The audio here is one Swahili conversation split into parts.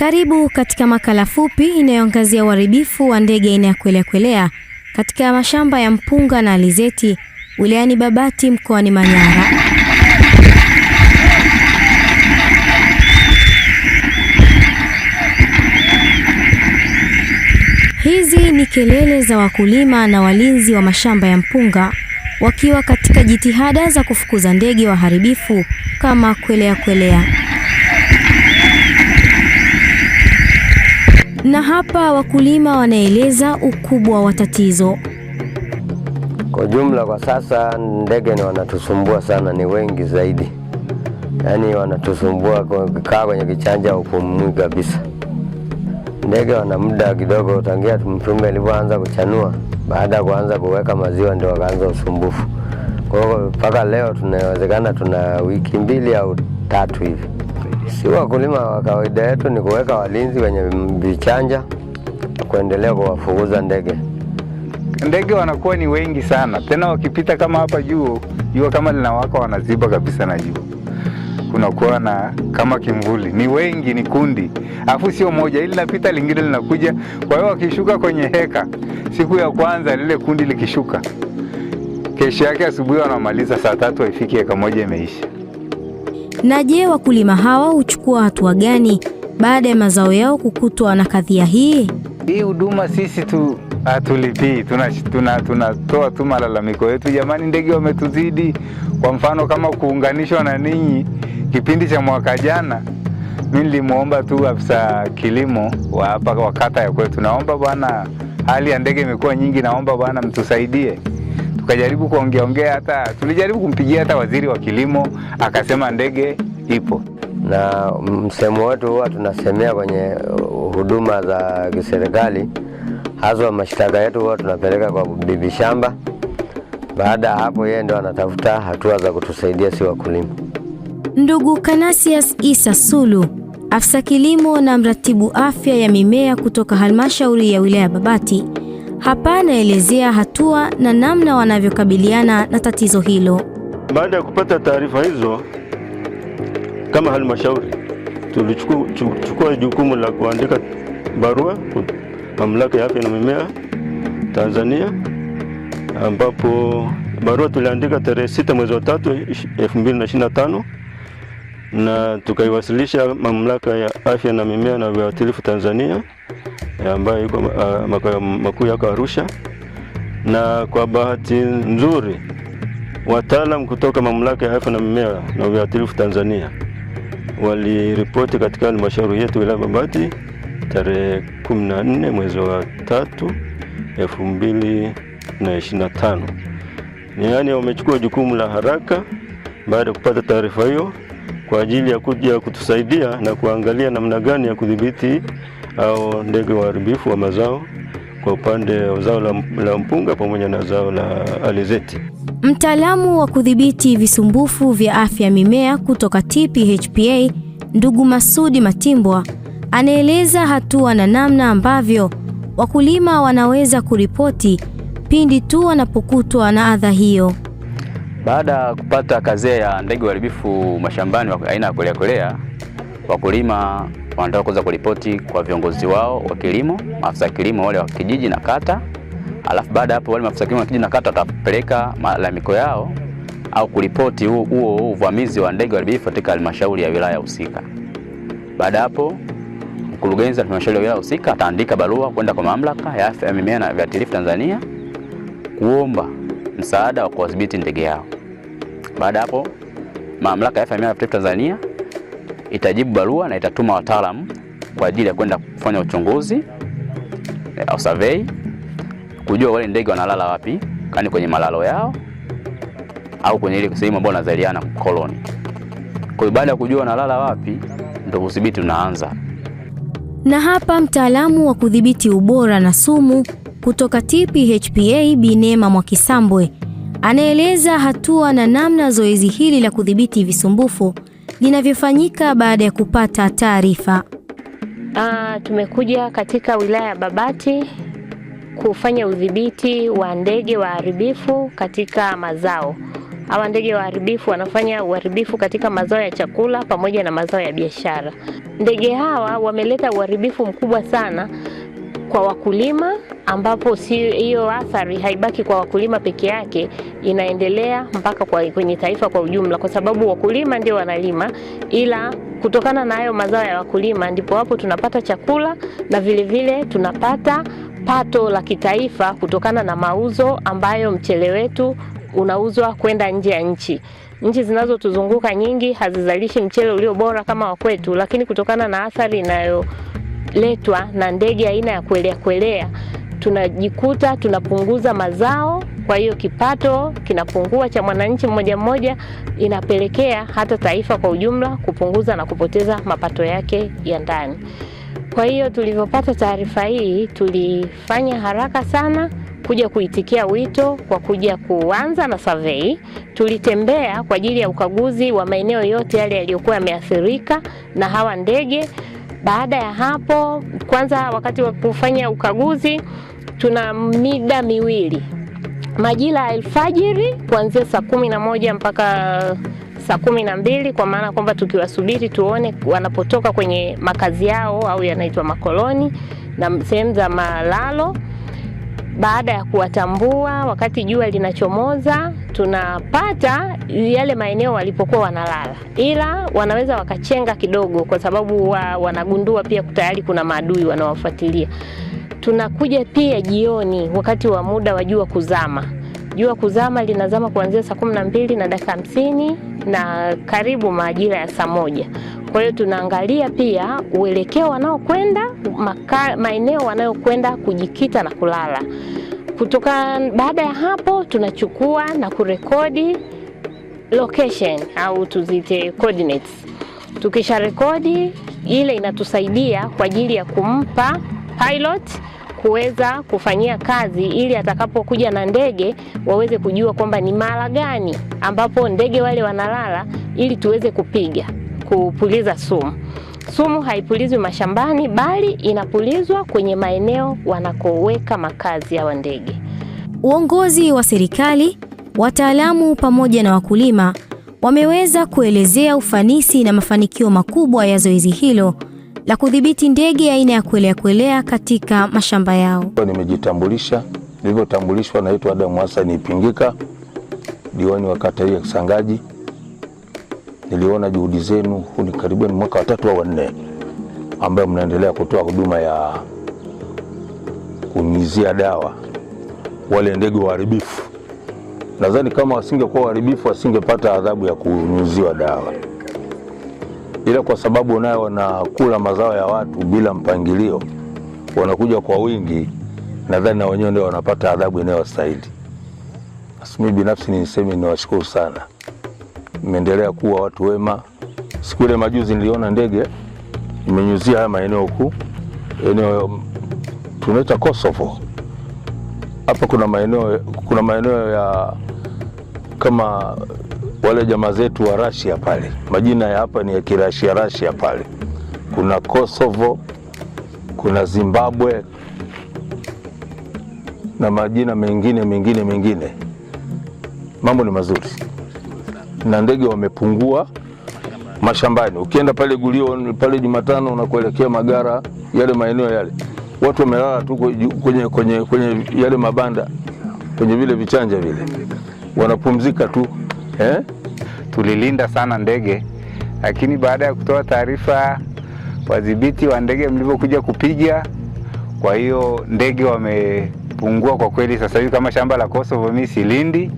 Karibu katika makala fupi inayoangazia uharibifu wa ndege aina ya kwelea kwelea katika mashamba ya mpunga na alizeti wilayani Babati mkoani Manyara. Hizi ni kelele za wakulima na walinzi wa mashamba ya mpunga wakiwa katika jitihada za kufukuza ndege waharibifu kama kwelea kwelea. Na hapa wakulima wanaeleza ukubwa wa tatizo. Kwa jumla, kwa sasa ndege ni wanatusumbua sana, ni wengi zaidi, yaani wanatusumbua kaa kwenye kichanja upumui kabisa. Ndege wana muda kidogo, tangia mtume alivyoanza kuchanua, baada ya kuanza kuweka maziwa ndio wakaanza usumbufu. Kwa hiyo mpaka leo tunawezekana tuna wiki mbili au tatu hivi. Si wakulima wa kawaida yetu ni kuweka walinzi wenye vichanja, kuendelea kuwafukuza ndege. Ndege wanakuwa ni wengi sana, tena wakipita kama hapa juu, jua kama linawaka wanaziba kabisa na jua, kunakuwa na kama kimvuli. Ni wengi, ni kundi, alafu sio moja, ili linapita lingine linakuja. Kwa hiyo wakishuka kwenye heka, siku ya kwanza lile kundi likishuka, kesho yake asubuhi wanamaliza saa tatu, haifiki heka moja imeisha. Na je, wakulima hawa huchukua hatua gani baada ya mazao yao kukutwa na kadhia hii? Hii huduma sisi tu hatulipii, tunatoa tuna, tuna, tu malalamiko yetu, jamani, ndege wametuzidi. Kwa mfano kama kuunganishwa na ninyi kipindi cha mwaka jana, mi nilimwomba tu afisa kilimo wa hapa wa kata ya kwetu, naomba bwana, hali ya ndege imekuwa nyingi, naomba bwana mtusaidie tukajaribu kuongeaongea, hata tulijaribu kumpigia hata waziri wa kilimo akasema ndege ipo. Na msemo wetu huwa tunasemea kwenye huduma za kiserikali, haswa mashtaka yetu huwa tunapeleka kwa bibi shamba. Baada ya hapo, yeye ndo anatafuta hatua za kutusaidia si wakulima. Ndugu Canasius Isa Sulu, afisa kilimo na mratibu afya ya mimea kutoka halmashauri ya wilaya Babati hapa anaelezea hatua na namna wanavyokabiliana na tatizo hilo. Baada ya kupata taarifa hizo, kama halmashauri tulichukua jukumu la kuandika barua mamlaka ya afya na mimea Tanzania, ambapo barua tuliandika tarehe 6 mwezi wa 3 2025 na tukaiwasilisha Mamlaka ya Afya na Mimea na Viuatilifu Tanzania ambayo iko uh, makao makuu yako Arusha, na kwa bahati nzuri wataalam kutoka Mamlaka ya Afya na Mimea na Viuatilifu Tanzania waliripoti katika halmashauri yetu wilaya Babati tarehe 14 mwezi wa tatu 2025, yaani wamechukua jukumu la haraka baada ya kupata taarifa hiyo kwa ajili ya kuja kutusaidia na kuangalia namna gani ya kudhibiti au ndege waharibifu wa mazao kwa upande wa zao la mpunga pamoja na zao la alizeti. Mtaalamu wa kudhibiti visumbufu vya afya ya mimea kutoka TPHPA ndugu Masudi Matimbwa anaeleza hatua na namna ambavyo wakulima wanaweza kuripoti pindi tu wanapokutwa na adha hiyo. Baada ya kupata kazia ya ndege waharibifu mashambani aina ya kolea kolea, wakulima wanataka kuweza kuripoti kwa viongozi wao wa kilimo, maafisa kilimo wale wa kijiji na kata. Alafu baada hapo wale maafisa kilimo wa kijiji na kata watapeleka malalamiko yao au kuripoti huo uvamizi wa ndege waharibifu katika halmashauri ya wilaya husika. Baada hapo mkurugenzi wa halmashauri ya wilaya husika ataandika barua kwenda kwa mamlaka ya afya ya mimea na viuatilifu Tanzania kuomba msaada wa kuwadhibiti ndege yao. Baada hapo, mamlaka ya Familia Tanzania itajibu barua na itatuma wataalamu kwa ajili ya kwenda kufanya uchunguzi eh, au survey kujua wale ndege wanalala wapi, kani kwenye malalo yao au kwenye ile sehemu ambayo wanazaliana koloni. Kwa hiyo baada ya kujua wanalala wapi, ndio udhibiti unaanza. Na hapa mtaalamu wa kudhibiti ubora na sumu kutoka TPHPA Bi Neema Mwakisambwe anaeleza hatua na namna zoezi hili la kudhibiti visumbufu linavyofanyika baada ya kupata taarifa. Uh, tumekuja katika wilaya ya Babati kufanya udhibiti wa ndege waharibifu katika mazao. Hawa ndege waharibifu wanafanya uharibifu katika mazao ya chakula pamoja na mazao ya biashara. Ndege hawa wameleta uharibifu mkubwa sana kwa wakulima, ambapo hiyo athari haibaki kwa wakulima peke yake, inaendelea mpaka kwa kwenye taifa kwa ujumla, kwa sababu wakulima ndio wanalima, ila kutokana na hayo mazao ya wakulima ndipo hapo tunapata chakula na vilevile vile tunapata pato la kitaifa kutokana na mauzo ambayo mchele wetu unauzwa kwenda nje ya nchi. Nchi zinazotuzunguka nyingi hazizalishi mchele ulio bora kama wa kwetu, lakini kutokana na athari inayo zinazoletwa na ndege aina ya kwelea kwelea, tunajikuta tunapunguza mazao, kwa hiyo kipato kinapungua cha mwananchi mmoja mmoja, inapelekea hata taifa kwa ujumla kupunguza na kupoteza mapato yake ya ndani. Kwa hiyo tulivyopata taarifa hii, tulifanya haraka sana kuja kuitikia wito kwa kuja kuanza na survey. Tulitembea kwa ajili ya ukaguzi wa maeneo yote yale yaliyokuwa yameathirika na hawa ndege. Baada ya hapo, kwanza wakati wa kufanya ukaguzi tuna mida miwili, majira ya alfajiri kuanzia saa kumi na moja mpaka saa kumi na mbili kwa maana kwamba tukiwasubiri tuone wanapotoka kwenye makazi yao au yanaitwa makoloni na sehemu za malalo baada ya kuwatambua, wakati jua linachomoza, tunapata yale maeneo walipokuwa wanalala, ila wanaweza wakachenga kidogo, kwa sababu wa, wanagundua pia tayari kuna maadui wanawafuatilia. Tunakuja pia jioni, wakati wa muda wa jua kuzama. Jua kuzama linazama kuanzia saa kumi na mbili na dakika hamsini na karibu majira ya saa moja. Kwa hiyo tunaangalia pia uelekeo wanaokwenda, maeneo wanayokwenda kujikita na kulala. Kutoka baada ya hapo tunachukua na kurekodi location au tuzite coordinates. Tukisha rekodi ile inatusaidia kwa ajili ya kumpa pilot kuweza kufanyia kazi ili atakapokuja na ndege waweze kujua kwamba ni mara gani ambapo ndege wale wanalala ili tuweze kupiga kupuliza sumu. Sumu haipulizwi mashambani, bali inapulizwa kwenye maeneo wanakoweka makazi ya ndege. Uongozi wa serikali, wataalamu pamoja na wakulima wameweza kuelezea ufanisi na mafanikio makubwa ya zoezi hilo la kudhibiti ndege aina ya kuelea kuelea katika mashamba yao. Nimejitambulisha, nilivyotambulishwa naitwa Adamu Hassan Ipingika, diwani wa kata hii ya Kisangaji niliona juhudi zenu, huu ni karibuni mwaka wa tatu au wa nne ambayo mnaendelea kutoa huduma ya kunyunyizia dawa wale ndege waharibifu. Nadhani kama wasingekuwa waharibifu wasingepata adhabu ya kunyuziwa dawa, ila kwa sababu nayo wanakula mazao ya watu bila mpangilio, wanakuja kwa wingi, nadhani na wenyewe ndio wanapata adhabu inayostahili. Mimi binafsi niseme, niwashukuru sana mmeendelea kuwa watu wema. Siku ile majuzi niliona ndege imenyuzia haya maeneo huku, eneo tunaita Kosovo. Hapa kuna maeneo kuna maeneo ya kama wale jamaa zetu wa Rasia pale, majina ya hapa ni ya Kirashia Russia pale. Kuna Kosovo, kuna Zimbabwe na majina mengine mengine mengine. Mambo ni mazuri na ndege wamepungua mashambani. Ukienda pale Gulio pale Jumatano na kuelekea Magara, yale maeneo yale watu wamelala tu kwenye, kwenye, kwenye yale mabanda kwenye vile vichanja vile wanapumzika tu eh? Tulilinda sana ndege, lakini baada ya kutoa taarifa wadhibiti wa ndege mlivyokuja kupiga, kwa hiyo ndege wamepungua kwa kweli. Sasa hivi kama shamba la Kosovo mimi silindi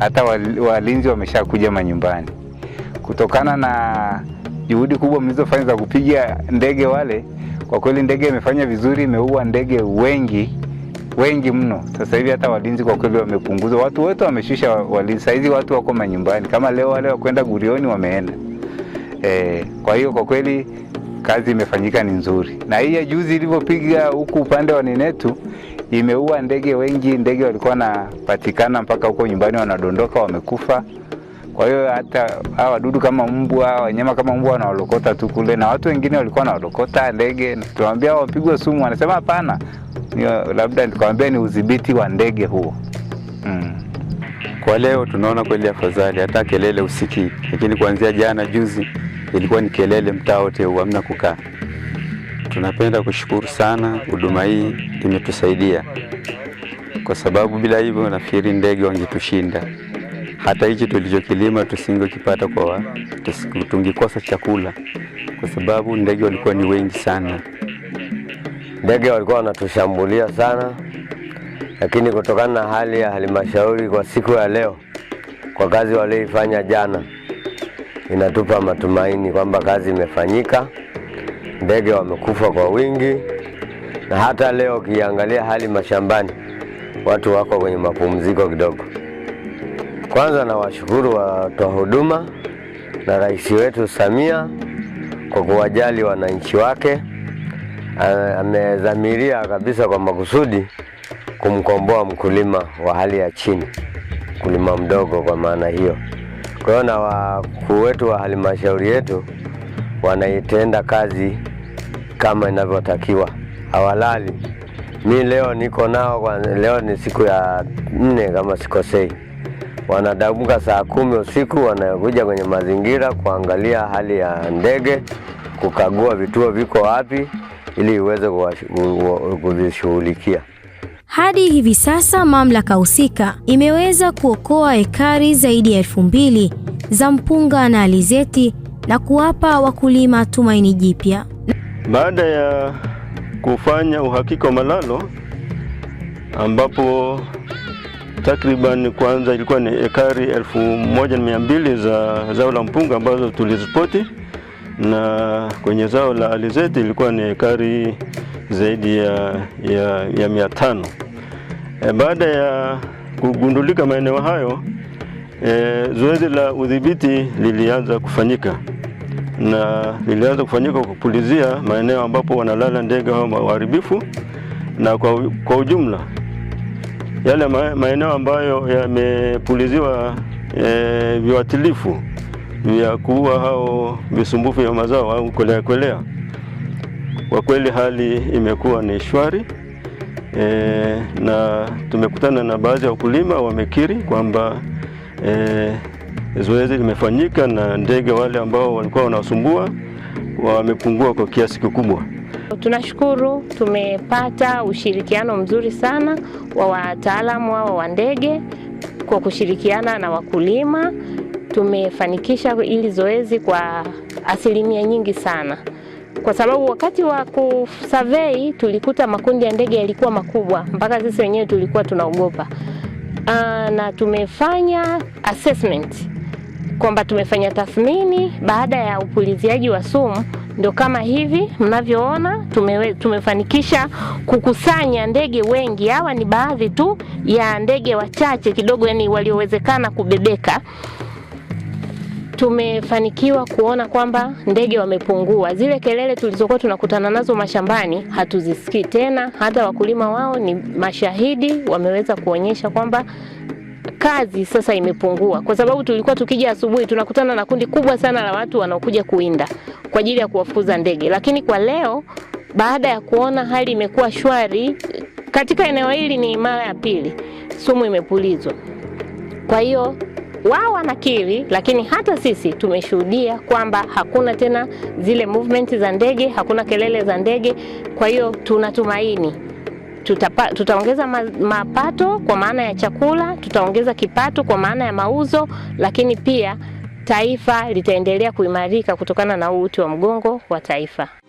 hata walinzi wameshakuja manyumbani kutokana na juhudi kubwa mlizofanya za kupiga ndege wale. Kwa kweli ndege imefanya vizuri, imeua ndege wengi wengi mno. Sasa hivi hata walinzi kwa kweli wamepunguza, watu wote wameshusha walinzi. watu wako manyumbani, kama leo wale wakwenda Gurioni wameenda e. Kwa hiyo kwa kweli kazi imefanyika ni nzuri, na hii ya juzi ilivyopiga huku upande wa ninetu imeua ndege wengi. Ndege walikuwa wanapatikana mpaka huko nyumbani, wanadondoka wamekufa. Kwa hiyo hata hawa wadudu kama mbwa, wanyama kama mbwa wanawalokota tu kule, na watu wengine walikuwa wanawalokota ndege. Tunawambia wapigwe oh, sumu, wanasema hapana. Labda nikamwambia ni udhibiti wa ndege huo. Mm. Kwa leo tunaona kweli afadhali, hata kelele usikii, lakini kuanzia jana juzi ilikuwa ni kelele mtaa wote, huamna kukaa. Tunapenda kushukuru sana, huduma hii imetusaidia kwa sababu bila hivyo nafikiri ndege wangetushinda. Hata hichi tulichokilima tusingekipata kwa tungekosa chakula, kwa sababu ndege walikuwa ni wengi sana. Ndege walikuwa wanatushambulia sana, lakini kutokana na hali ya halmashauri kwa siku ya leo, kwa kazi walioifanya jana, inatupa matumaini kwamba kazi imefanyika ndege wamekufa kwa wingi, na hata leo ukiangalia hali mashambani, watu wako kwenye mapumziko kidogo. Kwanza nawashukuru watoa huduma na rais wetu Samia kwa kuwajali wananchi wake. Amedhamiria kabisa kwa makusudi kumkomboa mkulima wa hali ya chini, mkulima mdogo. Kwa maana hiyo, kwa hiyo na wakuu wetu wa halmashauri yetu wanaitenda kazi kama inavyotakiwa, hawalali. Mi leo niko nao, leo ni siku ya nne kama sikosei, wanadamuka saa kumi usiku wanakuja kwenye mazingira kuangalia hali ya ndege, kukagua vituo viko wapi ili iweze kuvishughulikia. Hadi hivi sasa mamlaka husika imeweza kuokoa ekari zaidi ya elfu mbili za mpunga na alizeti na kuwapa wakulima tumaini jipya. Baada ya kufanya uhakika wa malalo ambapo takriban kwanza ilikuwa ni ekari elfu moja na mia mbili za zao la mpunga ambazo tulizipoti, na kwenye zao la alizeti ilikuwa ni ekari zaidi ya, ya, ya mia tano. E, baada ya kugundulika maeneo hayo e, zoezi la udhibiti lilianza kufanyika na lilianza kufanyika kwa kupulizia maeneo ambapo wanalala ndege hao waharibifu, na kwa, kwa ujumla yale maeneo ambayo yamepuliziwa e, viwatilifu vya kuua hao visumbufu vya mazao au kwelea kwelea, kwa kweli hali imekuwa ni shwari e, na tumekutana na baadhi ya wakulima wamekiri kwamba e, zoezi limefanyika na ndege wale ambao walikuwa wanasumbua wamepungua kwa kiasi kikubwa. Tunashukuru, tumepata ushirikiano mzuri sana wa wataalamu hao wa ndege kwa kushirikiana na wakulima. Tumefanikisha hili zoezi kwa asilimia nyingi sana, kwa sababu wakati wa kusurvey tulikuta makundi ya ndege yalikuwa makubwa mpaka sisi wenyewe tulikuwa tunaogopa. Uh, na tumefanya assessment kwamba tumefanya tathmini baada ya upuliziaji wa sumu. Ndio kama hivi mnavyoona tumewe, tumefanikisha kukusanya ndege wengi. Hawa ni baadhi tu ya ndege wachache kidogo, yani waliowezekana kubebeka. Tumefanikiwa kuona kwamba ndege wamepungua. Zile kelele tulizokuwa tunakutana nazo mashambani hatuzisikii tena. Hata wakulima wao ni mashahidi, wameweza kuonyesha kwamba kazi sasa imepungua, kwa sababu tulikuwa tukija asubuhi tunakutana na kundi kubwa sana la watu wanaokuja kuinda kwa ajili ya kuwafukuza ndege, lakini kwa leo baada ya kuona hali imekuwa shwari katika eneo hili, ni mara ya pili sumu imepulizwa. Kwa hiyo wao wanakiri, lakini hata sisi tumeshuhudia kwamba hakuna tena zile movement za ndege, hakuna kelele za ndege. Kwa hiyo tunatumaini tutaongeza mapato kwa maana ya chakula, tutaongeza kipato kwa maana ya mauzo, lakini pia taifa litaendelea kuimarika kutokana na uti wa mgongo wa taifa.